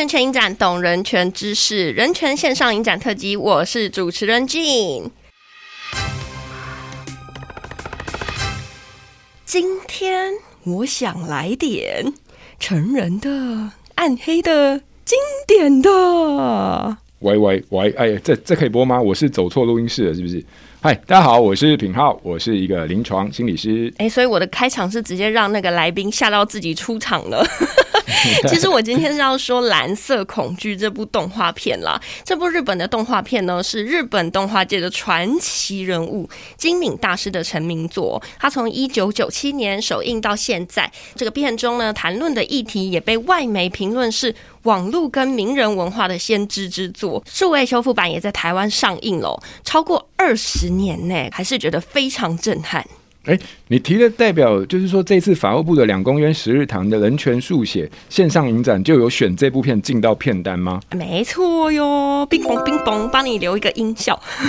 人權影展，懂人權知識，人權線上影展特輯。我是主持人 Jean。今天我想來點成人的、暗黑的、經典的。喂喂喂，哎，這這可以播嗎？我是走錯錄音室了，是不是？嗨，大家好，我是品皓，我是一個臨床心理師。哎，所以我的開場是直接讓那個來賓嚇到自己出場了。 其實我今天是要說《藍色恐懼》這部動畫片啦。這部日本的動畫片呢，是日本動畫界的傳奇人物今敏大師的成名作。他從一九九七年首映到現在，這個片中呢，談論的議題也被外媒評論是網絡跟名人文化的先知之作。數位修復版也在台灣上映了，超過二十年呢，還是覺得非常震撼。哎、欸，你提的代表就是說，這次法務部的兩公約十日談的人權速寫線上影展，就有選這部片進到片單嗎？沒錯喲，冰嘣冰嘣，幫你留一個音效。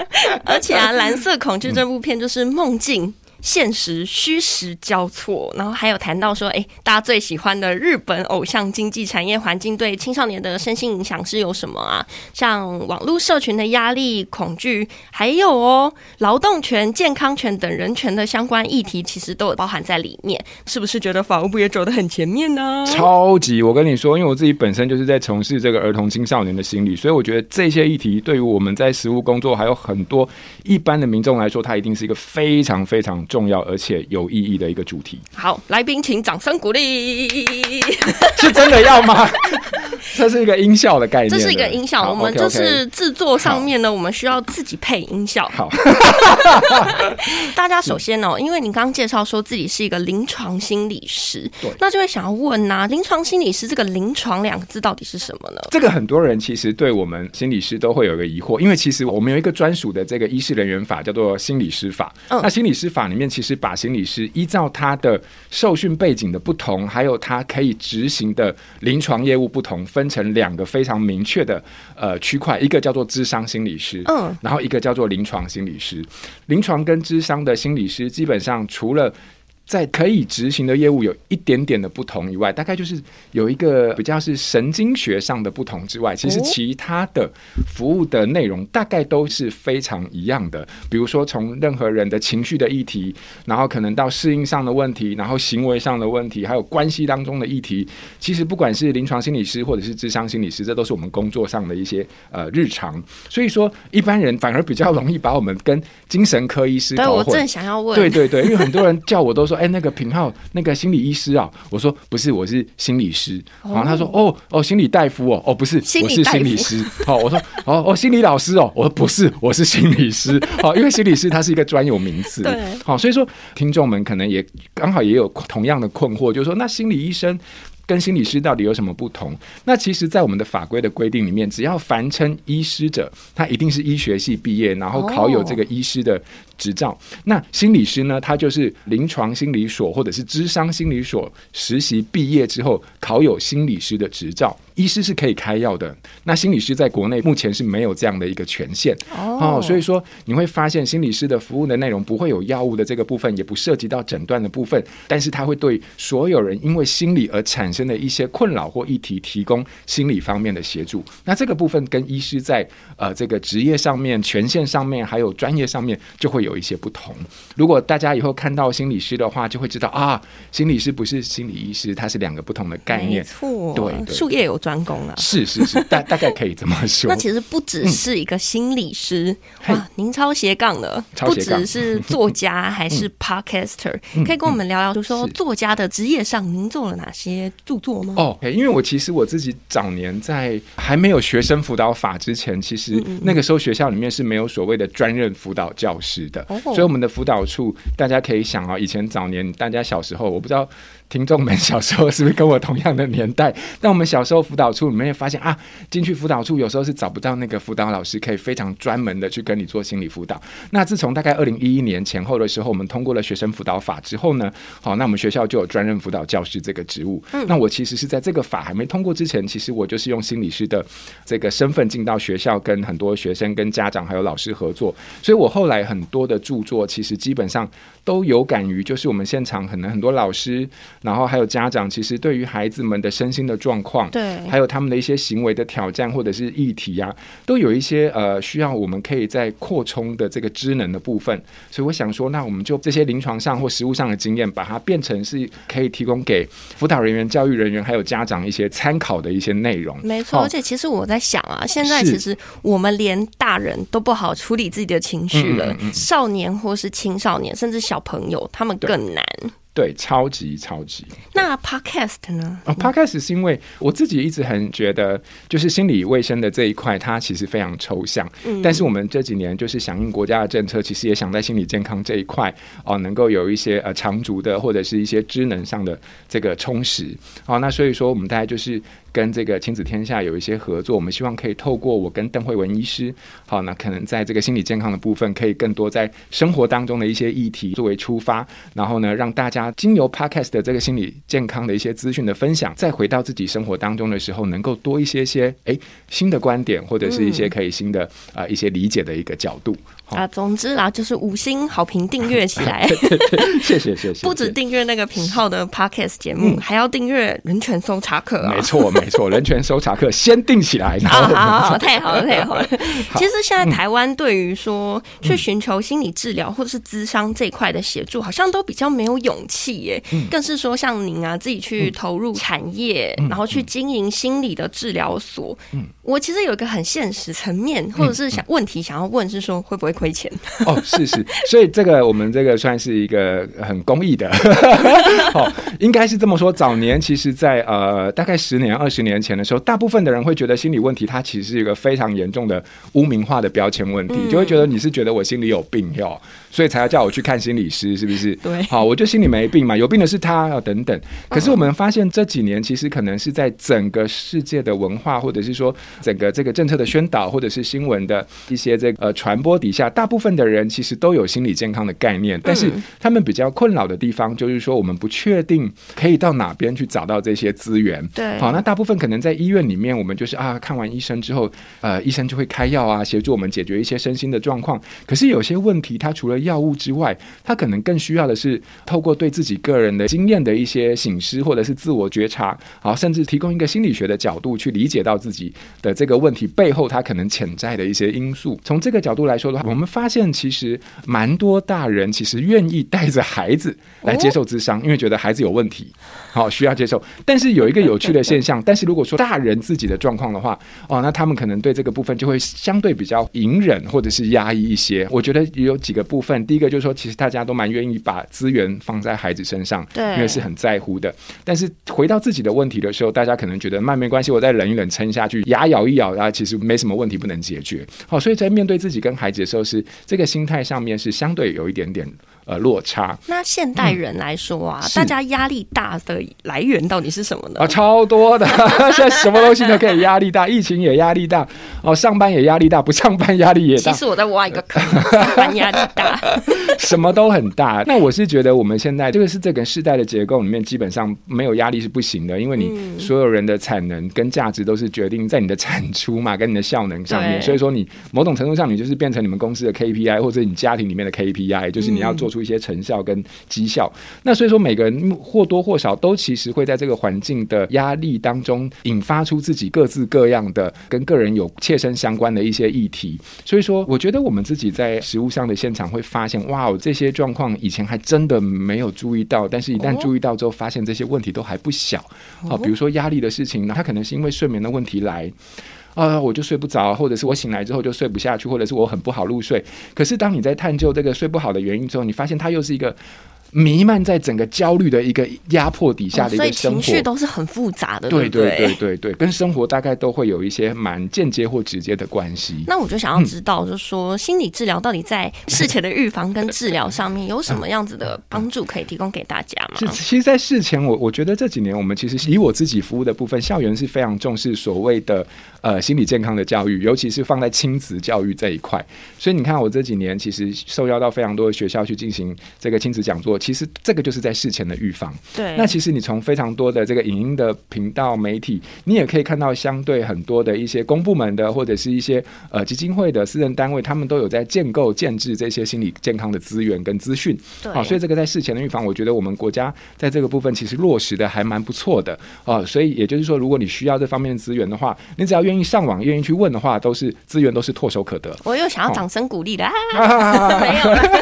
而且啊，藍色恐懼這部片就是夢境，現實虛實交錯，然後還有談到說，誒、欸，大家最喜歡的日本偶像經紀產業環境對青少年的身心影響是有什麼啊？像網絡社群的壓力、恐懼，還有哦，勞動權、健康權等人權的相關議題，其實都有包含在裡面。是不是覺得法務部也走得很前面呢？超級！我跟你說，因為我自己本身就是在從事這個兒童青少年的心理，所以我覺得這些議題對於我們在實務工作，還有很多一般的民眾來說，它一定是一個非常非常。重要而且有意義的一個主題！好，來賓請掌聲鼓勵。 是真的要嗎？這是一個音效的概念。這是一個音效，我們就是制作上面呢，我們需要自己配音效。好， 大家首先哦，因為你剛剛介紹說自己是一個臨床心理師。對，那就會想要問吶、啊，臨床心理師這個「臨床」兩個字到底是什麼呢？這個很多人其實對我們心理師都會有一個疑惑，因為其實我們有一個專屬的這個醫事人員法，叫做心理師法。嗯、oh.，那心理師法裡面。其實，把心理師依照他的受訓背景的不同，還有他可以執行的臨床業務不同，分成兩個非常明確的呃區塊，一個叫做諮商心理師，嗯，然後一個叫做臨床心理師。臨床跟諮商的心理師，基本上除了在可以執行的業務有一點點的不同以外，大概就是有一個比較是神經學上的不同之外，其實其他的服務的內容大概都是非常一樣的。比如說從任何人的情緒的議題，然後可能到適應上的問題，然後行為上的問題，還有關係當中的議題，其實不管是臨床心理師或者是諮商心理師，這都是我們工作上的一些呃日常。所以說一般人反而比較容易把我們跟精神科醫師搞混，但我正想要問，對對對，因為很多人叫我都是。 說、欸、哎，那個品皓，那個心理醫師啊？我說不是，我是心理師。Oh. 然後他說哦哦，心理大夫哦哦，不是，我是心理師。好、 哦，我說哦哦，心理老師哦，我說不是，我是心理師。好、哦，因為心理師他是一個專有名詞。好、 哦，所以說，聽眾們可能也剛好也有同樣的困惑，就是說那心理醫生。跟心理師到底有什麼不同？那其實，在我們的法規的規定裡面，只要凡稱醫師者，他一定是醫學系畢業，然後考有這個醫師的執照。Oh. 那心理師呢，他就是臨床心理所或者是諮商心理所實習畢業之後，考有心理師的執照。醫師是可以開藥的，那心理師在國內目前是沒有這樣的一個權限、oh. 哦，所以說你會發現心理師的服務的內容不會有藥物的這個部分，也不涉及到診斷的部分，但是它會對所有人因為心理而產生的一些困擾或議題提供心理方面的協助。那這個部分跟醫師在呃這個職業上面權限上面還有專業上面就會有一些不同。如果大家以後看到心理師的話，就會知道啊，心理師不是心理醫師，它是兩個不同的概念。沒錯，對，對專攻了，是是是，大大概可以這麼說。 那其實不只是一個心理師哇、嗯啊，您超斜槓的超斜槓，不只是作家，還是 podcaster、嗯嗯、可以跟我們聊聊，就說作家的職業上，您做了哪些著作嗎？哦，因為我其實我自己早年在還沒有學生輔導法之前，其實那個時候學校裡面是沒有所謂的專任輔導教師的、哦，所以我們的輔導處，大家可以想啊，以前早年大家小時候，我不知道。聽眾們小時候是不是跟我同樣的年代？但我們小時候輔導處，你們也發現啊，進去輔導處有時候是找不到那個輔導老師，可以非常專門的去跟你做心理輔導。那自從大概二零一一年前後的時候，我們通過了學生輔導法之後呢，好、哦，那我們學校就有專任輔導教師這個職務、嗯。那我其實是在這個法還沒通過之前，其實我就是用心理師的這個身份進到學校，跟很多學生、跟家長還有老師合作。所以我後來很多的著作，其實基本上都有感於，就是我們現場可能很多老師。然後還有家長，其實對於孩子們的身心的狀況，對，還有他們的一些行為的挑戰或者是議題啊，都有一些呃需要我們可以再擴充的這個知能的部分。所以我想說，那我們就這些臨床上或實務上的經驗，把它變成是可以提供給輔導人員、教育人員還有家長一些參考的一些內容。沒錯，哦、而且其實我在想啊，現在其實我們連大人都不好處理自己的情緒了，嗯嗯、少年或是青少年，甚至小朋友，他們更難。對，超級超級。那 Podcast 呢？啊、oh，Podcast 是因為我自己一直很覺得，就是心理衛生的這一塊，它其實非常抽象。嗯，但是我們這幾年就是響應國家的政策，其實也想在心理健康這一塊，哦，能夠有一些呃長足的或者是一些智能上的這個充實。好、哦，那所以說我們大概就是，跟這個親子天下有一些合作，我們希望可以透過我跟鄧惠文醫師，好，那可能在這個心理健康的部分，可以更多在生活當中的一些議題作為出發，然後呢，讓大家經由 Podcast 的這個心理健康的一些資訊的分享，再回到自己生活當中的時候，能夠多一些些哎新的觀點，或者是一些可以新的啊、嗯呃、一些理解的一個角度。啊，總之啦，就是五星好評訂閱起來，謝 謝謝謝。謝謝 不止訂閱那個品皓的 podcast 節目、嗯，還要訂閱人權搜查課、啊。 沒錯沒錯，人權搜查課先訂起來。 啊、好好，好 太好了太好了好。其實現在台灣對於說、嗯、去尋求心理治療或者是諮商這一塊的協助、嗯，好像都比較沒有勇氣耶、欸嗯。更是說像您啊，自己去投入產業，嗯、然後去經營心理的治療所、嗯。我其實有一個很現實層面、嗯，或者是想、嗯、問題想要問是說，會不會？虧錢哦是是，所以這個我們這個算是一個很公益的，好、 哦，應該是這麼說。早年其實在、在呃大概十年、二十年前的時候，大部分的人會覺得心理問題，它其實是一個非常嚴重的污名化的標籤問題，就會覺得你是覺得我心裡有病喲，所以才要叫我去看心理師，是不是？對，好，我就心裡沒病嘛，有病的是他啊、呃，等等。可是我們發現這幾年，其實可能是在整個世界的文化，或者是說整個這個政策的宣導，或者是新聞的一些這個、呃傳播底下，大部分的人其實都有心理健康的概念，但是他們比較困擾的地方就是說，我們不確定可以到哪邊去找到這些資源。對，好，那大部分可能在醫院裡面，我們就是啊，看完醫生之後，呃，醫生就會開藥啊，協助我們解決一些身心的狀況。可是有些問題，它除了藥物之外，它可能更需要的是透過對自己個人的經驗的一些省思或者是自我覺察，好，甚至提供一個心理學的角度去理解到自己的這個問題背後，它可能潛在的一些因素。從這個角度來說的話。我們發現，其實蠻多大人其實願意帶着孩子來接受諮商，因為覺得孩子有問題，好需要接受。但是有一個有趣的現象，但是如果說大人自己的狀況的話，哦，那他們可能對這個部分就會相對比較隱忍或者是壓抑一些。我覺得也有幾個部分，第一個就是說，其實大家都蠻願意把資源放在孩子身上，對，因為是很在乎的。但是回到自己的問題的時候，大家可能覺得那沒關係，我再忍一忍，撐下去，牙咬一咬，啊，其實沒什麼問題不能解決。好，所以在面對自己跟孩子的時候。就是這個心態上面是相對有一點點。呃，落差。那現代人來說啊，嗯、大家壓力大的來源到底是什麼呢？啊，超多的， 現在什麼東西都可以壓力大， 疫情也壓力大，哦，上班也壓力大，不上班壓力也大。其實我在挖一個坑， 上班壓力大， 什麼都很大。那我是覺得我們現在這個、就是這個世代的結構裡面，基本上沒有壓力是不行的，因為你所有人的產能跟價值都是決定在你的產出嘛，跟你的效能上面。所以說，你某種程度上，你就是變成你們公司的 KPI，或者你家庭裡面的 KPI，、嗯、就是你要做。出一些成效跟績效，那所以說每個人或多或少都其實會在這個環境的壓力當中引發出自己各自各樣的跟個人有切身相關的一些議題。所以說，我覺得我們自己在實務上的現場會發現，哇、哦，這些狀況以前還真的沒有注意到，但是一旦注意到之後，發現這些問題都還不小。好、哦，比如說壓力的事情，那他可能是因為睡眠的問題來。啊，我就睡不着，或者是我醒來之後就睡不下去，或者是我很不好入睡。可是當你在探究這個睡不好的原因之後，你發現它又是一個，瀰漫在整個焦慮的一個壓迫底下的一個生活，所以情緒都是很複雜的，對對對對對，對，跟生活大概都會有一些蠻間接或直接的關係。那我就想要知道，就是說心理治療到底在事前的預防跟治療上面有什麼樣子的幫助可以提供給大家嗎？是，其實，在事前，我我覺得這幾年我們其實以我自己服務的部分，校園是非常重視所謂的呃心理健康的教育，尤其是放在親子教育這一塊。所以你看，我這幾年其實受邀到非常多的學校去進行這個親子講座。其實這個就是在事前的預防。對。那其實你從非常多的這個影音的頻道媒體，你也可以看到相對很多的一些公部門的或者是一些呃基金會的私人單位，他們都有在建構、建制這些心理健康的資源跟資訊。對、哦。所以這個在事前的預防，我覺得我們國家在這個部分其實落實的還蠻不錯的啊、哦。所以也就是說，如果你需要這方面的資源的話，你只要願意上網、願意去問的話，都是資源都是唾手可得。我又想要掌聲鼓勵的。哦啊、 沒有吧笑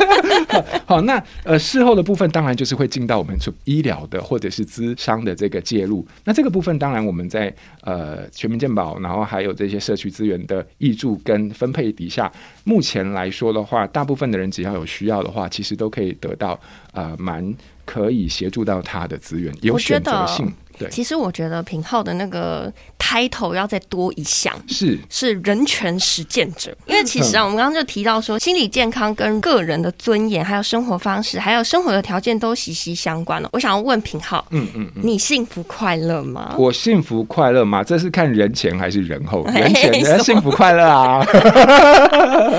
好。好，那呃事後的。部分當然就是會進到我們做醫療的或者是諮商的這個介入。那這個部分當然我們在呃全民健保，然後還有這些社區資源的挹注跟分配底下，目前來說的話，大部分的人只要有需要的話，其實都可以得到呃蠻可以協助到他的資源，有選擇性。對，其實我覺得品皓的那個 title 要再多一項，是是人權實踐者。因為其實啊、嗯，我們剛剛就提到說，心理健康跟個人的尊嚴，還有生活方式，還有生活的條件都息息相關了。我想要問品皓，嗯嗯，嗯，你幸福快樂嗎？我幸福快樂嗎？這是看人前還是人後？人前嘿嘿人家幸福快樂啊？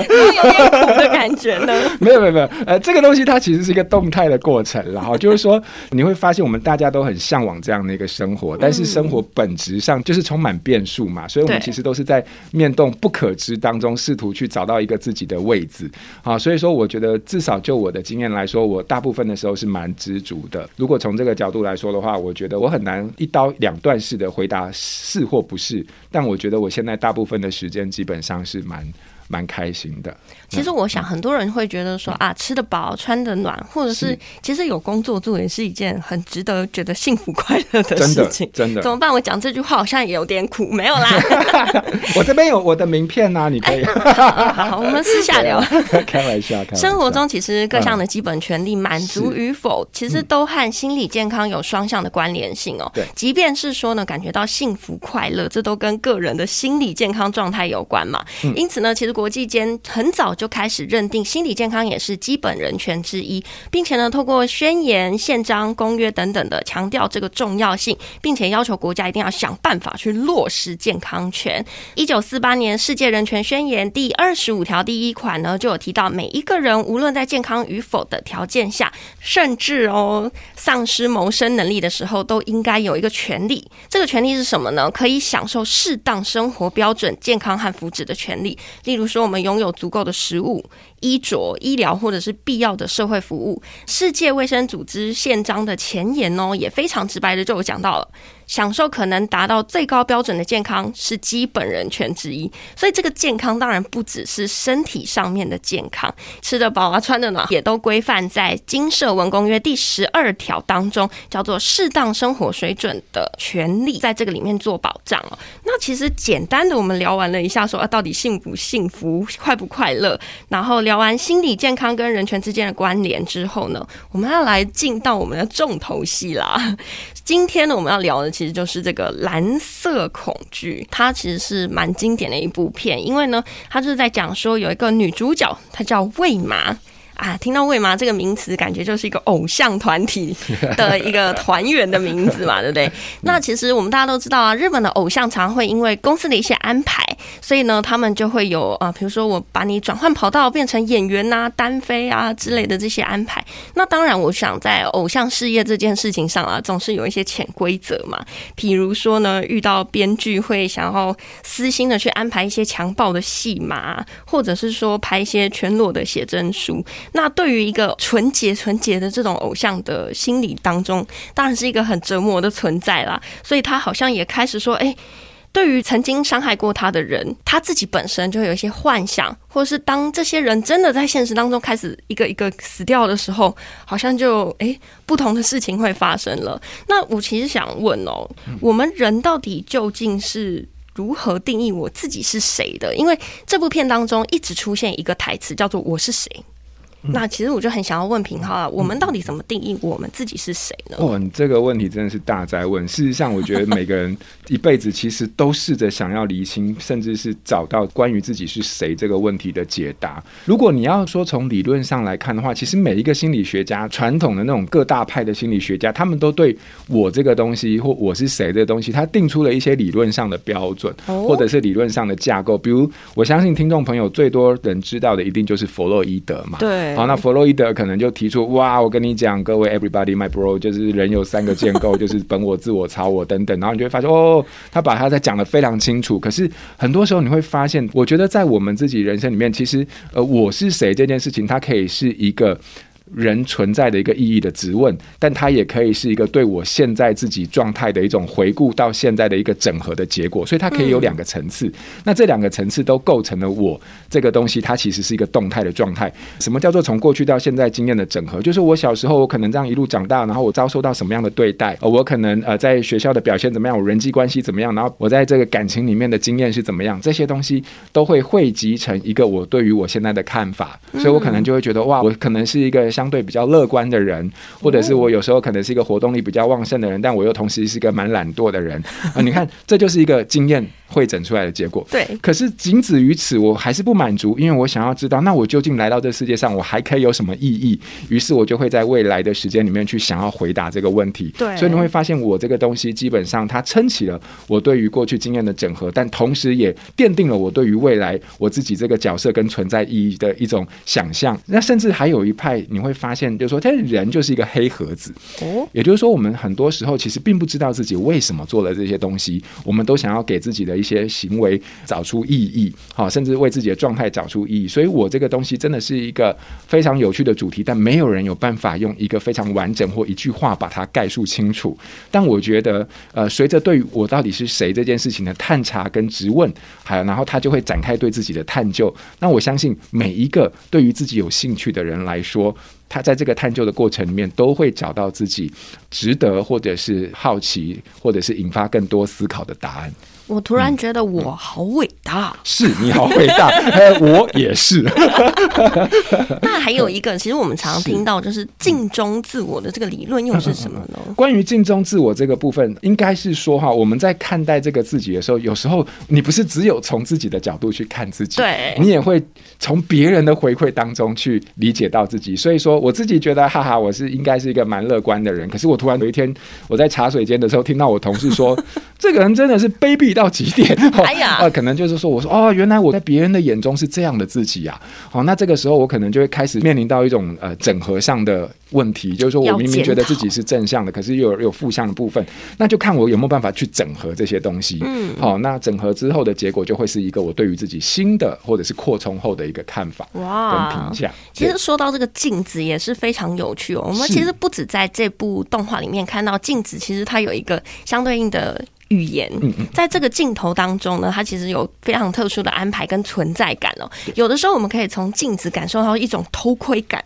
因 有點苦的感覺呢。沒有沒有沒有，呃，這個東西它其實是一個動態的過程，然 後就是說你會發現，我們大家都很嚮往這樣的一個。生活，但是生活本質上就是充滿變數嘛，所以我們其實都是在面對不可知當中，試圖去找到一個自己的位置啊。所以說，我覺得至少就我的經驗來說，我大部分的時候是蠻知足的。如果從這個角度來說的話，我覺得我很難一刀兩斷式的回答是或不是。但我覺得我現在大部分的時間基本上是蠻。蠻開心的。其實我想，很多人會覺得說、嗯嗯、啊，吃得飽、穿得暖，或者是，是其實有工作做，也是一件很值得覺得幸福快樂的事情，真的。真的？怎麼辦？我講這句話好像也有點苦，沒有啦。 我這邊有我的名片啊，你可以。 哎、好，好，好，我們私下聊。開玩、啊、笑，玩笑。生活中其實各項的基本權利滿、嗯、足與否，其實都和心理健康有雙向的關聯性哦。對、嗯。即便是說呢，感覺到幸福快樂，這都跟個人的心理健康狀態有關嘛。嗯、因此呢，其實國際間很早就開始認定心理健康也是基本人權之一，並且呢，透過宣言、憲章、公約等等的強調這個重要性，並且要求國家一定要想辦法去落實健康權。一九四八年《世界人權宣言》第二十五條第一款呢，就有提到，每一個人無論在健康與否的條件下，甚至哦喪失謀生能力的時候，都應該有一個權利。這個權利是什麼呢？可以享受適當生活標準、健康和福祉的權利，例如。比如說，我們擁有足夠的食物、衣着、醫療，或者是必要的社會服務。世界衛生組織憲章的前言呢，哦，也非常直白的就有講到了。享受可能達到最高標準的健康是基本人權之一，所以這個健康當然不只是身體上面的健康，吃得飽啊、穿得暖，也都規範在《經社文公約》第十二條當中，叫做適當生活水準的權利，在這個裡面做保障哦、喔，那其實簡單的，我們聊完了一下，說、啊、到底幸福、幸福、快不快樂，然後聊完心理健康跟人權之間的關聯之後呢，我們要來進到我們的重頭戲啦。今天呢，我們要聊的。其實就是這個藍色恐懼，它其實是蠻經典的一部片，因為呢，它就是在講說有一個女主角，她叫未麻。啊，聽到“未麻”這個名詞，感覺就是一個偶像團體的一個團員的名字嘛，對不對？那其實我們大家都知道啊，日本的偶像常會因為公司的一些安排，所以呢，他們就會有啊，比如說我把你轉換跑道變成演員吶、啊、單飛啊之類的這些安排。那當然，我想在偶像事業這件事情上啊，總是有一些潛規則嘛。比如說呢，遇到編劇會想要私心的去安排一些強暴的戲碼，或者是說拍一些全裸的寫真書。那對於一個純潔純潔的這種偶像的心理當中，當然是一個很折磨的存在啦。所以他好像也開始說：“哎，對於曾經傷害過他的人，他自己本身就會有一些幻想，或者是當這些人真的在現實當中開始一個一個死掉的時候，好像就哎，不同的事情會發生了。”那我其實想問哦，我們人到底究竟是如何定義我自己是誰的？因為這部片當中一直出現一個台詞叫做“我是誰”。那其實我就很想要問品皓、嗯、我們到底怎麼定義我們自己是誰呢？哦，你這個問題真的是大哉問。事實上，我覺得每個人一輩子其實都試着想要釐清， 甚至是找到關於自己是誰這個問題的解答。如果你要說從理論上來看的話，其實每一個心理學家，傳統的那種各大派的心理學家，他們都對我這個東西或我是誰的東西，他定出了一些理論上的標準、哦，或者是理論上的架構。比如，我相信聽眾朋友最多人知道的一定就是佛洛伊德嘛，對。好，那弗洛伊德可能就提出，哇，我跟你講，各位，everybody my bro，就是人有三個建構， 就是本我、自我、超我等等，然後你就會發現，哦，他把他在講得非常清楚。可是很多時候你會發現，我覺得在我們自己人生裡面，其實，呃，我是誰這件事情，它可以是一個。人存在的一個意義的質問，但它也可以是一個對我現在自己狀態的一種回顧，到現在的一個整合的結果，所以它可以有兩個層次。那這兩個層次都構成了我這個東西，它其實是一個動態的狀態。什麼叫做從過去到現在經驗的整合？就是我小時候我可能這樣一路長大，然後我遭受到什麼樣的對待，我可能呃在學校的表現怎麼樣，我人際關係怎麼樣，然後我在這個感情裡面的經驗是怎麼樣，這些東西都會匯集成一個我對於我現在的看法，所以我可能就會覺得哇，我可能是一個像。相對比較樂觀的人，或者是我有時候可能是一個活動力比較旺盛的人，但我又同時是一個蠻懶惰的人啊。你看，這就是一個經驗。會診出來的結果，對，可是僅止於此，我還是不滿足，因為我想要知道，那我究竟來到這世界上，我還可以有什麼意義？於是，我就會在未來的時間裡面去想要回答這個問題。對，所以你會發現，我這個東西基本上它撐起了我對於過去經驗的整合，但同時也奠定了我對於未來我自己這個角色跟存在意義的一種想象。那甚至還有一派，你會發現，就是說，他人就是一個黑盒子，哦，也就是說，我們很多時候其實並不知道自己為什麼做了這些東西，我們都想要給自己的。一些行為找出意義，好，甚至為自己的狀態找出意義。所以，我這個東西真的是一個非常有趣的主題，但沒有人有辦法用一個非常完整或一句話把它概述清楚。但我覺得，呃，隨着對於我到底是誰這件事情的探查跟質問，還有然後他就會展開對自己的探究。那我相信，每一個對於自己有興趣的人來說，他在這個探究的過程裡面都會找到自己值得或者是好奇，或者是引發更多思考的答案。我突然覺得我好偉大，嗯、是你好偉大， 我也是。 那還有一個，其實我們常，常聽到就是鏡中自我的這個理論又是什麼呢？嗯、關於鏡中自我這個部分，應該是說哈，我們在看待這個自己的時候，有時候你不是只有從自己的角度去看自己，對，你也會從別人的回饋當中去理解到自己。所以說，我自己覺得哈哈，我是應該是一個蠻樂觀的人。可是我突然有一天，我在茶水間的時候聽到我同事說， 這個人真的是卑鄙到到極點。哦，哎呀，呃，可能就是說，我說哦，原來我在別人的眼中是這樣的自己呀，啊。好、哦，那這個時候我可能就會開始面臨到一種呃整合上的問題，就是說我明明覺得自己是正向的，可是又有有負向的部分，那就看我有沒有辦法去整合這些東西。嗯，好、哦，那整合之後的結果就會是一個我對於自己新的或者是擴充後的一個看法哇，跟評價。其實說到這個鏡子也是非常有趣哦。我們其實不止在這部動畫裡面看到鏡子，其實它有一個相對應的。語言，在這個鏡頭當中呢，它其實有非常特殊的安排跟存在感哦。有的時候，我們可以從鏡子感受到一種偷窺感。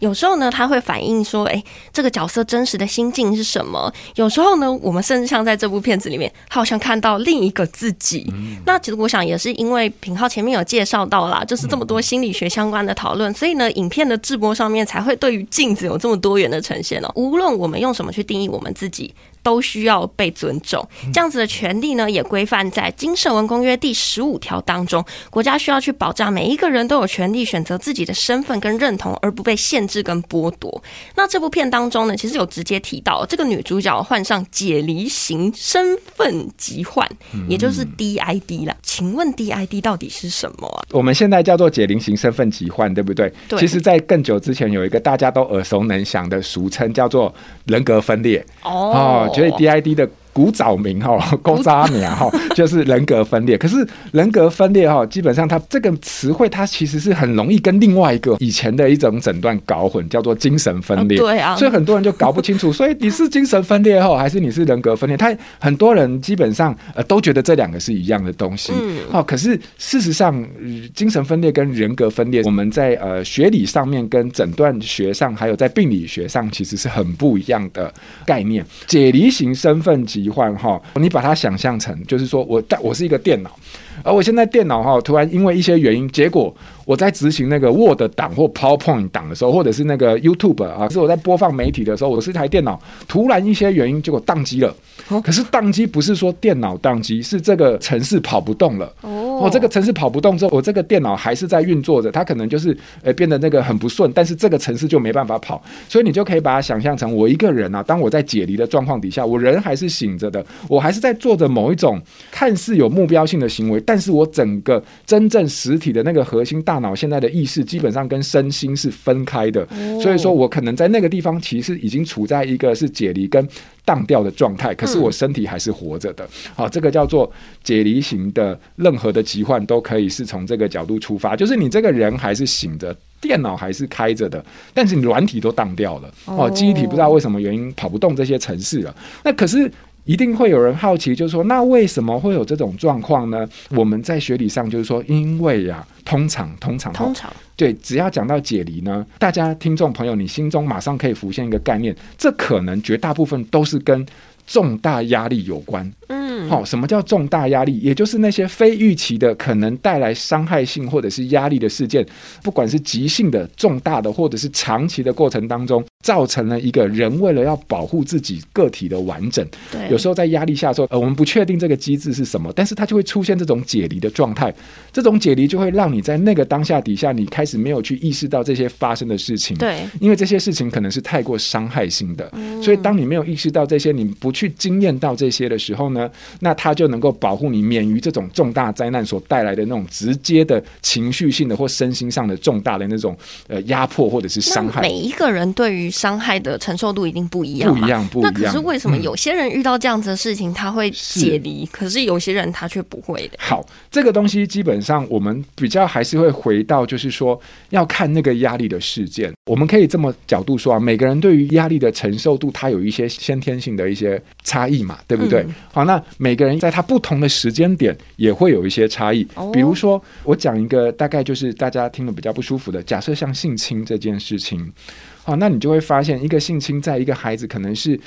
有時候呢，他會反映說：“哎、欸，這個角色真實的心境是什麼？”有時候呢，我們甚至像在這部片子裡面，好像看到另一個自己。嗯、那其實我想也是因為品皓前面有介紹到啦，就是這麼多心理學相關的討論、嗯，所以呢，影片的制播上面才會對於鏡子有這麼多元的呈現哦、喔。無論我們用什麼去定義我們自己，都需要被尊重。這樣子的權利呢，也規範在《經社文公約》第十五條當中，國家需要去保障每一個人都有權利選擇自己的身份跟認同，而不被。限制跟剝奪。那這部片當中呢，其實有直接提到這個女主角患上解離型身份疾患，也就是 DID 啦。嗯，請問 DID 到底是什麼啊？我們現在叫做解離型身份疾患，對不對？對。其實，在更久之前，有一個大家都耳熟能詳的俗稱，叫做人格分裂。哦，哦，所以 DID 的，古早名哈，古早名哈， 就是人格分裂。可是人格分裂哈，基本上它這個詞彙，它其實是很容易跟另外一個以前的一種診斷搞混，叫做精神分裂。嗯、對啊， 所以很多人就搞不清楚，所以你是精神分裂哈，還是你是人格分裂？他很多人基本上呃都覺得這兩個是一樣的東西。哦、嗯，可是事實上，精神分裂跟人格分裂，我們在呃學理上面、跟診斷學上，還有在病理學上，其實是很不一樣的概念。解離型身份及換哈，你把它想象成就是說，我帶我是一個電腦，而我現在電腦哈，突然因為一些原因，結果我在執行那個 Word 檔或 PowerPoint 檔的時候，或者是那個 YouTube 啊，是我在播放媒體的時候，我是一台電腦，突然一些原因，結果當機了。可是當機不是說電腦當機，是這個程式跑不動了。哦，我這個程式跑不動之後，我這個電腦還是在運作着，它可能就是誒變得那個很不順，但是這個程式就沒辦法跑，所以你就可以把它想象成我一個人啊。當我在解離的狀況底下，我人還是醒着的，我還是在做着某一種看似有目標性的行為，但是我整個真正實體的那個核心大腦現在的意識基本上跟身心是分開的，所以說我可能在那個地方其實已經處在一個是解離跟。當掉的狀態，可是我身體還是活着的。好、嗯哦，這個叫做解離型的，任何的疾患都可以是從這個角度出發，就是你這個人還是醒着，電腦還是開着的，但是你軟體都當掉了。哦，記憶、哦、體不知道為什麼原因跑不動這些程式了。那可是。一定會有人好奇，就是說，那為什麼會有這種狀況呢？我們在學理上就是說，因為呀、啊，通常，通常，通常，對，只要講到解離呢，大家聽眾朋友，你心中馬上可以浮現一個概念，這可能絕大部分都是跟重大壓力有關。嗯，好，什麼叫重大壓力？也就是那些非預期的，可能帶來傷害性或者是壓力的事件，不管是急性的、重大的，或者是長期的過程當中。造成了一個人為了要保護自己個體的完整，對，有時候在壓力下的時候，呃，我們不確定這個機制是什麼，但是它就會出現這種解離的狀態。這種解離就會讓你在那個當下底下，你開始沒有去意識到這些發生的事情，對，因為這些事情可能是太過傷害性的，嗯，所以當你沒有意識到這些，你不去經驗到這些的時候呢，那它就能夠保護你免於這種重大災難所帶來的那種直接的情緒性的或身心上的重大的那種呃壓迫或者是傷害。每一個人對於傷害的承受度一定不一樣，不一樣，不一樣，那可是為什麼有些人遇到這樣子的事情，嗯、他會解離，可是有些人他卻不會的？好，這個東西基本上我們比較還是會回到，就是說要看那個壓力的事件。我們可以這麼角度說啊，每個人對於壓力的承受度，他有一些先天性的一些差異嘛，對不對、嗯？好，那每個人在他不同的時間點也會有一些差異、哦。比如說，我講一個大概就是大家聽了比較不舒服的，假設像性侵這件事情。哦，那你就會發現，一個性侵在一個孩子可能是。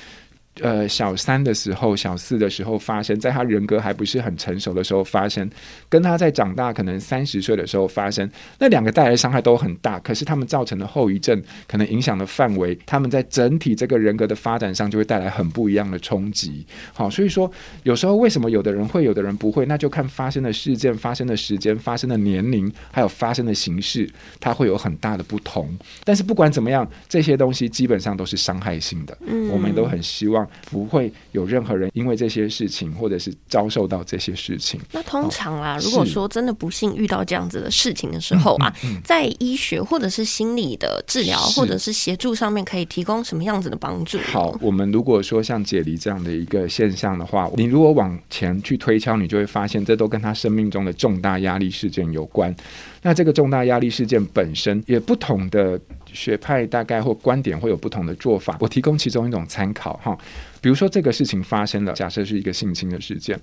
呃，小三的時候、小四的時候發生在他人格還不是很成熟的時候發生，跟他在長大可能三十歲的時候發生，那兩個帶來的傷害都很大，可是他們造成的後遺症，可能影響的範圍，他們在整體這個人格的發展上就會帶來很不一樣的衝擊。好，所以說有時候為什麼有的人會，有的人不會，那就看發生的事件、發生的時間、發生的年齡，還有發生的形式，它會有很大的不同。但是不管怎麼樣，這些東西基本上都是傷害性的。嗯，我們都很希望。不會有任何人因為這些事情，或者是遭受到這些事情。那通常啦、啊哦，如果說真的不幸遇到這樣子的事情的時候啊，嗯嗯嗯、在醫學或者是心理的治療或者是協助上面，可以提供什麼樣子的幫助？好，我們如果說像解離這樣的一個現象的話、嗯，你如果往前去推敲，你就會發現這都跟他生命中的重大壓力事件有關。那這個重大壓力事件本身，也不同的學派，大概或觀點會有不同的做法。我提供其中一種參考哈。比如說這個事情發生了，假設是一個性侵的事件，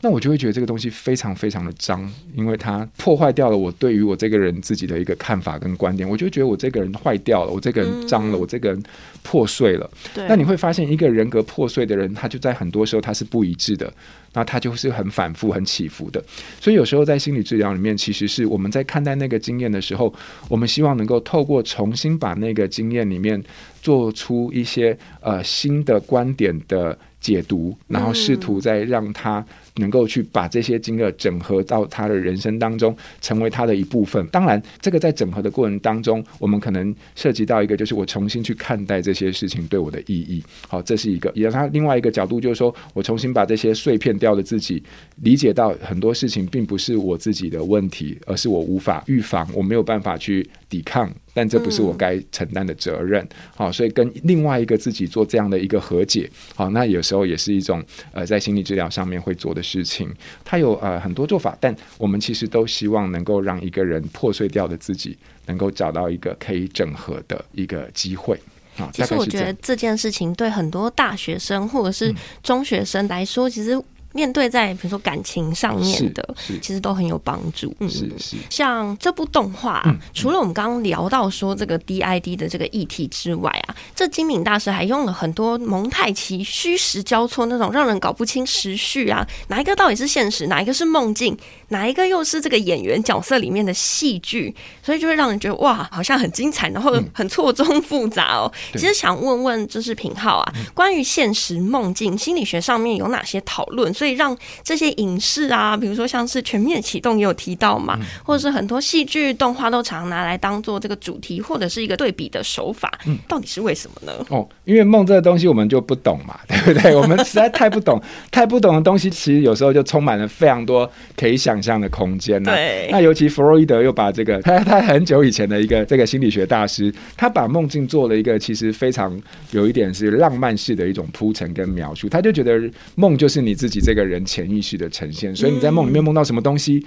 那我就會覺得這個東西非常非常的髒，因為它破壞掉了我對於我這個人自己的一個看法跟觀點，我就覺得我這個人壞掉了，我這個人髒了，嗯、我這個人破碎了。對。那你會發現，一個人格破碎的人，他就在很多時候他是不一致的，那他就是很反覆、很起伏的。所以有時候在心理治療裡面，其實是我們在看待那個經驗的時候，我們希望能夠透過重新把那個經驗裡面。做出一些呃新的觀點的解讀，然後試圖再讓他能夠去把這些經驗整合到他的人生當中，成為他的一部分。當然，這個在整合的過程當中，我們可能涉及到一個，就是我重新去看待這些事情對我的意義。好，這是一個。也讓他另外一個角度就是說，我重新把這些碎片掉的自己理解到，很多事情並不是我自己的問題，而是我無法預防，我沒有辦法去抵抗，但這不是我該承擔的責任。好，所以跟另外一個自己做這樣的一個和解。好，那有時候也是一種呃，在心理治療上面會做的。事情，他有呃很多做法，但我們其實都希望能夠讓一個人破碎掉的自己，能夠找到一個可以整合的一個機會啊。其實我覺得這件事情對很多大學生或者是中學生來說，其實、嗯。面對在比如說感情上面的，其實都很有幫助。是、嗯、是，是，像這部動畫、啊嗯，除了我們剛剛聊到說這個 DID 的這個議題之外啊，嗯、這《今敏大師》還用了很多蒙太奇、虛實交錯那種讓人搞不清時序啊，哪一個到底是現實，哪一個是夢境，哪一個又是這個演員角色裡面的戲劇，所以就會讓人覺得哇，好像很精彩，然後很錯綜複雜哦。嗯、其實想問問就是品皓啊、嗯，關於現實夢境心理學上面有哪些討論？所以讓這些影視啊，比如說像是全面啟動也有提到嘛，嗯、或者是很多戲劇、動畫都常常拿來當做這個主題或者是一個對比的手法、嗯，到底是為什麼呢？哦，因為夢這個東西我們就不懂嘛，對不對？我們實在太不懂， 太不懂的東西，其實有時候就充滿了非常多可以想象的空間呢。對，那尤其弗洛伊德又把這個他他很久以前的一個這個心理學大師，他把夢境做了一個其實非常有一點是浪漫式的一種鋪陳跟描述，他就覺得夢就是你自己在、這個。這個人潛意識的呈現，所以你在夢裡面夢到什麼東西，Mm.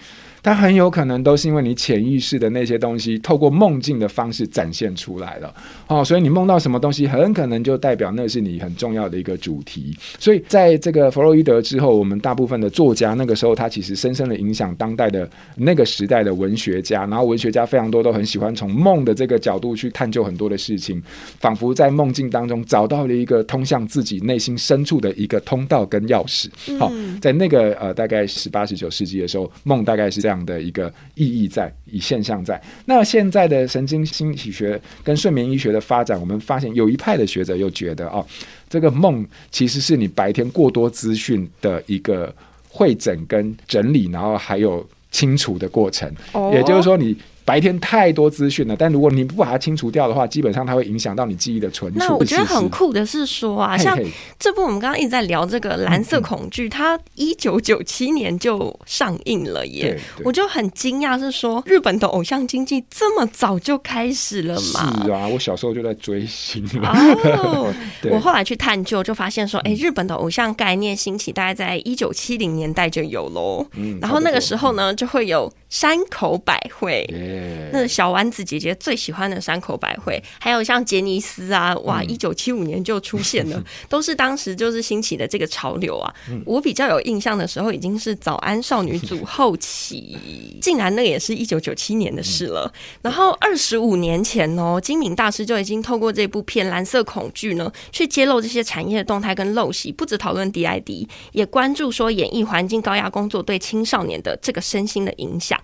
它很有可能都是因為你潛意識的那些東西，透過夢境的方式展現出來了。哦，所以你夢到什麼東西，很可能就代表那是你很重要的一個主題。所以，在這個弗洛伊德之後，我們大部分的作家，那個時候他其實深深的影響當代的那個時代的文學家，然後文學家非常多都很喜歡從夢的這個角度去探究很多的事情，仿佛在夢境當中找到了一個通向自己內心深處的一個通道跟鑰匙。好、哦，在那個呃大概十八十九世紀的時候，夢大概是這樣。的一個意義在，以現象在。那現在的神經心理學跟睡眠醫學的發展，我們發現有一派的學者又覺得，哦，這個夢其實是你白天過多資訊的一個彙整跟整理，然後還有清除的過程。Oh. 也就是說，你。白天太多資訊了，但如果你不把它清除掉的話，基本上它會影響到你記憶的存儲。那我覺得很酷的是說啊，嘿嘿像這部我們剛剛一直在聊這個《藍色恐懼》嗯嗯，它一九九七年就上映了耶！對對我就很驚訝，是說日本的偶像經濟這麼早就開始了嘛？是啊，我小時候就在追星了哦， 我後來去探究，就發現說，哎、欸，日本的偶像概念興起大概在一九七零年代就有嘍。嗯，然後那個時候呢，嗯、就會有。山口百惠，yeah. 那小丸子姐姐最喜歡的山口百惠，還有像傑尼斯啊，哇，一九七五年就出現了，mm. 都是當時就是興起的這個潮流啊。Mm. 我比較有印象的時候，已經是早安少女組後期， 竟然那也是一九九七年的事了。Mm. 然後二十五年前哦，金敏大師就已經透過這部片《藍色恐懼》呢，去揭露這些產業的動態跟陋習，不止討論 DID，也關注說演藝環境高壓工作對青少年的這個身心的影響。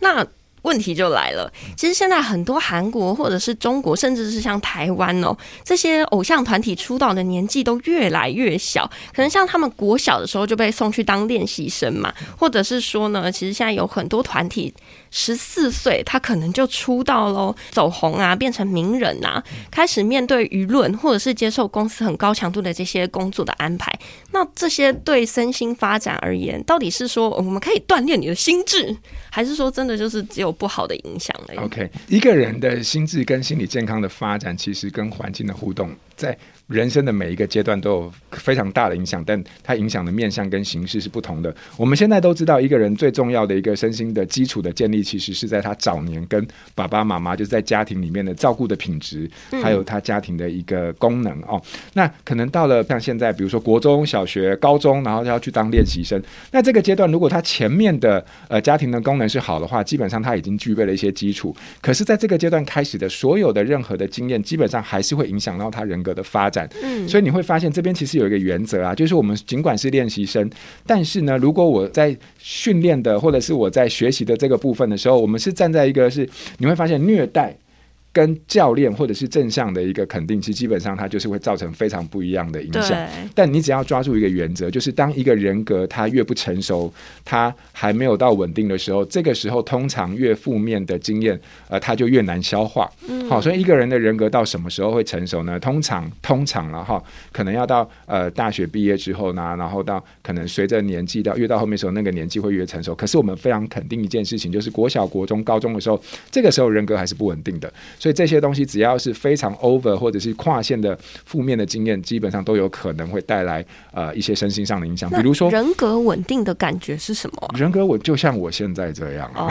那問題就來了，其實現在很多韓國或者是中國，甚至是像台灣哦，這些偶像團體出道的年紀都越來越小，可能像他們國小的時候就被送去當練習生嘛，或者是說呢，其實現在有很多團體。十四歲，他可能就出道嘍，走紅啊，變成名人啊，開始面對輿論，或者是接受公司很高強度的這些工作的安排。那這些對身心發展而言，到底是說我們可以鍛鍊你的心智，還是說真的就是只有不好的影響而已？OK，一個人的心智跟心理健康的發展，其實跟環境的互動在。人生的每一個階段都有非常大的影響，但它影響的面向跟形式是不同的。我們現在都知道，一個人最重要的一個身心的基礎的建立，其實是在他早年跟爸爸媽媽就是在家庭裡面的照顧的品質，還有他家庭的一個功能哦。嗯。那可能到了像現在，比如說國中小學、高中，然後他要去當練習生，那這個階段如果他前面的呃家庭的功能是好的話，基本上他已經具備了一些基礎。可是，在這個階段開始的所有的任何的經驗，基本上還是會影響到他人格的發展。嗯，所以你會發現這邊其實有一個原則啊，就是我們儘管是練習生，但是呢，如果我在訓練的或者是我在學習的這個部分的時候，我們是站在一個是你會發現虐待。跟教練或者是正向的一個肯定，其實基本上它就是會造成非常不一樣的影響。但你只要抓住一個原則，就是當一個人格他越不成熟，他還沒有到穩定的時候，這個時候通常越負面的經驗，呃，他就越難消化。好、嗯哦，所以一個人的人格到什麼時候會成熟呢？通常，通常了哈，可能要到呃大學畢業之後呢，然後到可能隨着年紀到越到後面時候，那個年紀會越成熟。可是我們非常肯定一件事情，就是國小、國中、高中的時候，這個時候人格還是不穩定的。所以這些東西只要是非常 over 或者是跨線的負面的經驗，基本上都有可能會帶來呃一些身心上的影響。比如說人格穩定的感覺是什麼啊？人格穩就像我現在這樣，啊、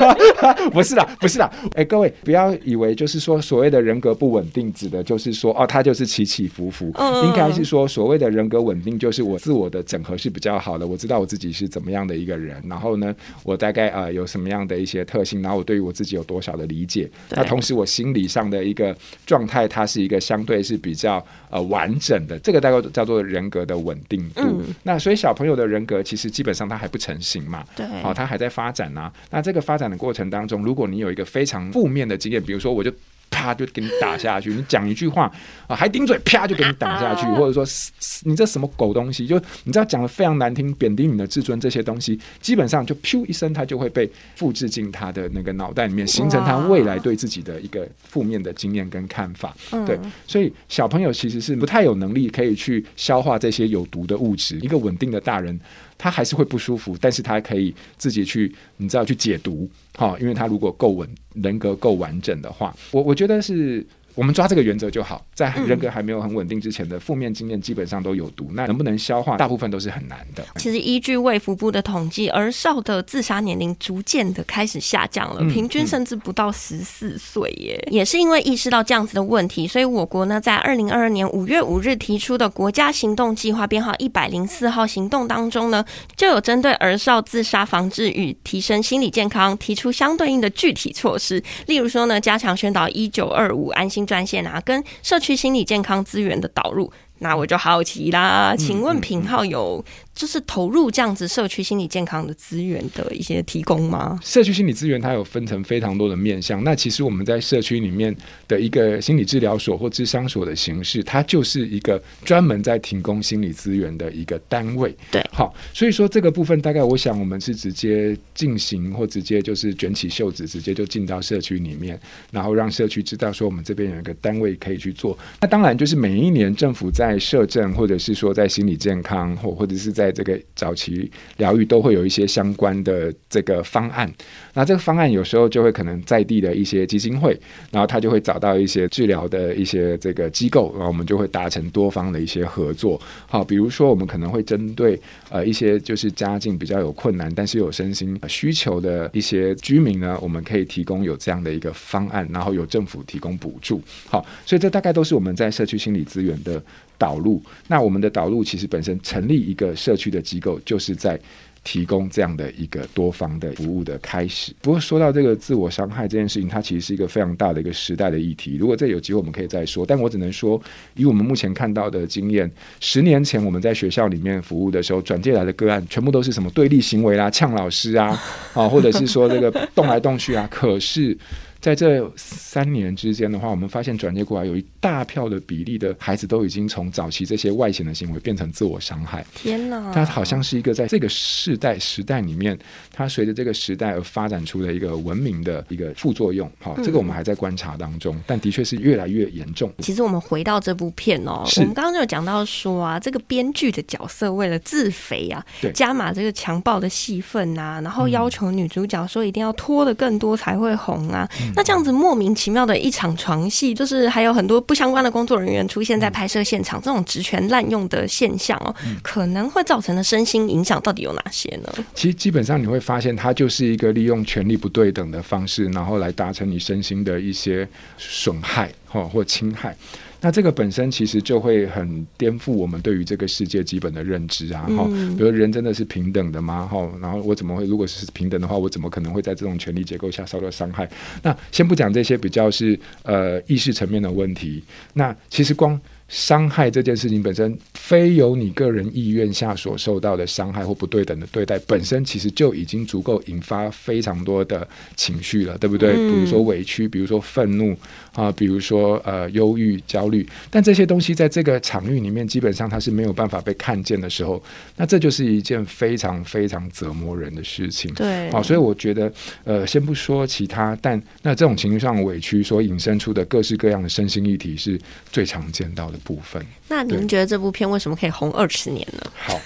oh. 不是的，不是的。哎，各位不要以為就是說所謂的人格不穩定，指的就是說哦，他就是起起伏伏。Oh. 應該是說所謂的人格穩定，就是我自我的整合是比較好的。我知道我自己是怎麼樣的一個人，然後呢，我大概呃有什麼樣的一些特性，然後我對於我自己有多少的。理解，那同時我心理上的一個狀態，它是一個相對是比較呃完整的，這個大概叫做人格的穩定度。嗯。那所以小朋友的人格其實基本上他還不成型嘛，對，好，哦，他還在發展吶，啊。那這個發展的過程當中，如果你有一個非常負面的經驗，比如說我就。啪就給你打下去，你講一句話啊，還頂嘴，啪就給你打下去，或者說你這什麼狗東西，就你知道講得非常難聽，貶低你的自尊這些東西，基本上就噗一聲，他就會被複製進他的那個腦袋裡面，形成他未來對自己的一個負面的經驗跟看法。對，所以小朋友其實是不太有能力可以去消化這些有毒的物質，一個穩定的大人。他還是會不舒服，但是他可以自己去，你知道去解讀哈、哦，因為他如果夠穩，人格夠完整的話，我我覺得是。我們抓這個原則就好，在人格還沒有很穩定之前的負面經驗基本上都有毒、嗯，那能不能消化，大部分都是很難的。其實依據衛福部的統計，兒少的自殺年齡逐漸的開始下降了，嗯、平均甚至不到十四歲耶、嗯。也是因為意識到這樣子的問題，所以我國呢在二零二二年五月五日提出的國家行動計劃編號一百零四號行動當中呢，就有針對兒少自殺防治與提升心理健康提出相對應的具體措施，例如說呢，加強宣導一九二五安心專線啊，跟社區心理健康資源的導入。那我就好奇啦，請問品皓有就是投入這樣子社區心理健康的資源的一些提供嗎？社區心理資源它有分成非常多的面向。那其實我們在社區裡面的一個心理治療所或諮商所的形式，它就是一個專門在提供心理資源的一個單位。對，好，所以說這個部分大概我想我們是直接進行或直接就是捲起袖子直接就進到社區裡面，然後讓社區知道說我們這邊有一個單位可以去做。那當然就是每一年政府在在社政，或者是說在心理健康，或或者是在這個早期療癒，都會有一些相關的這個方案。那這個方案有時候就會可能在地的一些基金會，然後他就會找到一些治療的一些這個機構，然後我們就會達成多方的一些合作。好，比如說我們可能會針對呃一些就是家境比較有困難，但是有身心、呃、需求的一些居民呢，我們可以提供有這樣的一個方案，然後由政府提供補助。好，所以這大概都是我們在社區心理資源的，導入，那我們的導入其實本身成立一個社區的機構，就是在提供這樣的一個多方的服務的開始。不過說到這個自我傷害這件事情，它其實是一個非常大的一個時代的議題。如果這有機會，我們可以再說。但我只能說，以我們目前看到的經驗，十年前我們在學校裡面服務的時候，轉介來的個案全部都是什麼對立行為啦、嗆老師啊，啊，或者是說這個動來動去啊。 可是。在這三年之間的話，我們發現轉接過來有一大票的比例的孩子都已經從早期這些外顯的行為變成自我傷害。天吶，它好像是一個在這個世代時代裡面，它隨着這個時代而發展出的一個文明的一個副作用。哈、哦，這個我們還在觀察當中，嗯、但的確是越來越嚴重。其實我們回到這部片哦，我們剛剛就有講到說啊，這個編劇的角色為了自肥啊，對加碼這個強暴的戲份吶、啊，然後要求女主角說一定要拖得更多才會紅啊。嗯嗯那這樣子莫名其妙的一場床戲，就是還有很多不相關的工作人員出現在拍攝現場，嗯，這種職權濫用的現象哦，嗯，可能會造成的身心影響到底有哪些呢？其實基本上你會發現，它就是一個利用權力不對等的方式，然後來達成你身心的一些損害或侵害。那這個本身其實就會很顛覆我們對於這個世界基本的認知啊，哈、嗯，比如說人真的是平等的嗎？哈，然後我怎麼會，如果是平等的話，我怎麼可能會在這種權力結構下受到傷害？那先不講這些比較是呃意識層面的問題，那其實光。傷害這件事情本身，非由你個人意願下所受到的傷害或不對等的對待，本身其實就已經足夠引發非常多的情緒了，對不對、嗯？比如說委屈，比如說憤怒啊、呃，比如說呃憂鬱、焦慮。但這些東西在這個場域裡面，基本上它是沒有辦法被看見的時候，那這就是一件非常非常折磨人的事情。對，好、啊，所以我覺得，呃，先不說其他，但那這種情緒上委屈所引申出的各式各樣的身心議題是最常見到的。部分，那您覺得這部片為什麼可以紅二十年呢？ 好，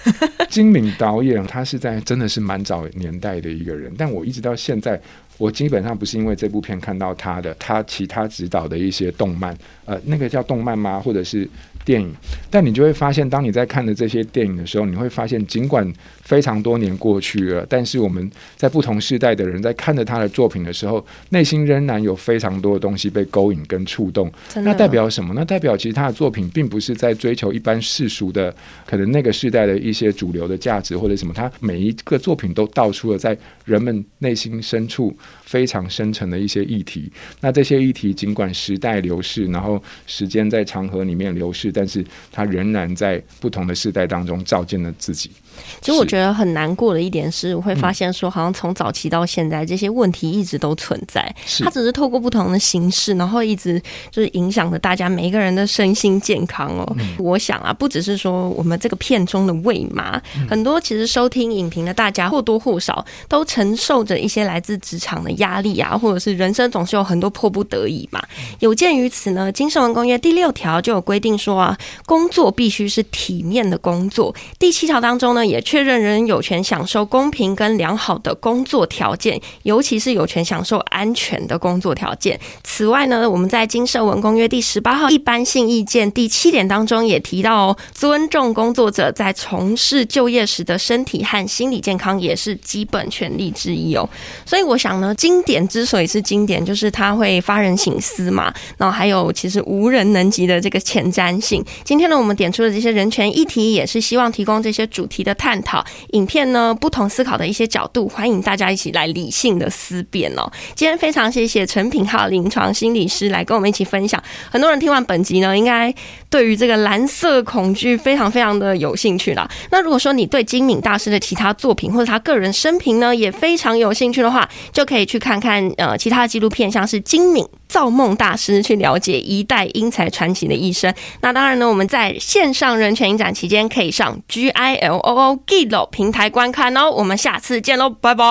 今敏導演他是在真的是蠻早年代的一個人，但我一直到現在，我基本上不是因為這部片看到他的，他其他指導的一些動漫，呃，那個叫動漫嗎？或者是電影？但你就會發現，當你在看的這些電影的時候，你會發現，儘管非常多年過去了，但是我們在不同時代的人在看着他的作品的時候，內心仍然有非常多的東西被勾引跟觸動。那代表什麼？那代表其實他的作品並不是在追求一般世俗的可能那個時代的一些主流的價值或者什麼。他每一個作品都道出了在人們內心深處非常深沉的一些議題。那這些議題儘管時代流逝，然後時間在長河裡面流逝，但是他仍然在不同的時代當中照見了自己。其實我覺得很難過的一點是，是我會發現說，好像從早期到現在，嗯，這些問題一直都存在。它只是透過不同的形式，然後一直就是影響着大家每一個人的身心健康哦。嗯、我想啊，不只是說我們這個片中的未麻、嗯、很多其實收聽影評的大家或多或少都承受着一些來自職場的壓力啊，或者是人生總是有很多迫不得已嘛。有鑑於此呢，《經社文公約》第六條就有規定說啊，工作必須是體面的工作。第七條當中呢。也確認人有權享受公平跟良好的工作條件，尤其是有權享受安全的工作條件。此外呢，我們在《經社文公約》第十八號一般性意見第七點當中也提到哦，尊重工作者在從事就業時的身體和心理健康也是基本權利之一哦。所以我想呢，經典之所以是經典，就是它會發人省思嘛，然後還有其實無人能及的這個前瞻性。今天呢，我們點出的這些人權議題，也是希望提供這些主題的探討影片呢，不同思考的一些角度，歡迎大家一起來理性的思辨哦、喔。今天非常謝謝陳品皓臨床心理師來跟我們一起分享。很多人聽完本集呢，應該，對於這個藍色恐懼非常非常的有興趣啦。那如果說你對今敏大師的其他作品或者他個人生平呢也非常有興趣的話，就可以去看看呃其他的紀錄片，像是《今敏造夢大師》，去了解一代英才傳奇的一生。那當然呢，我們在線上人權影展期間可以上 G I L O O G I L O 平台觀看哦。我們下次見嘍，拜拜。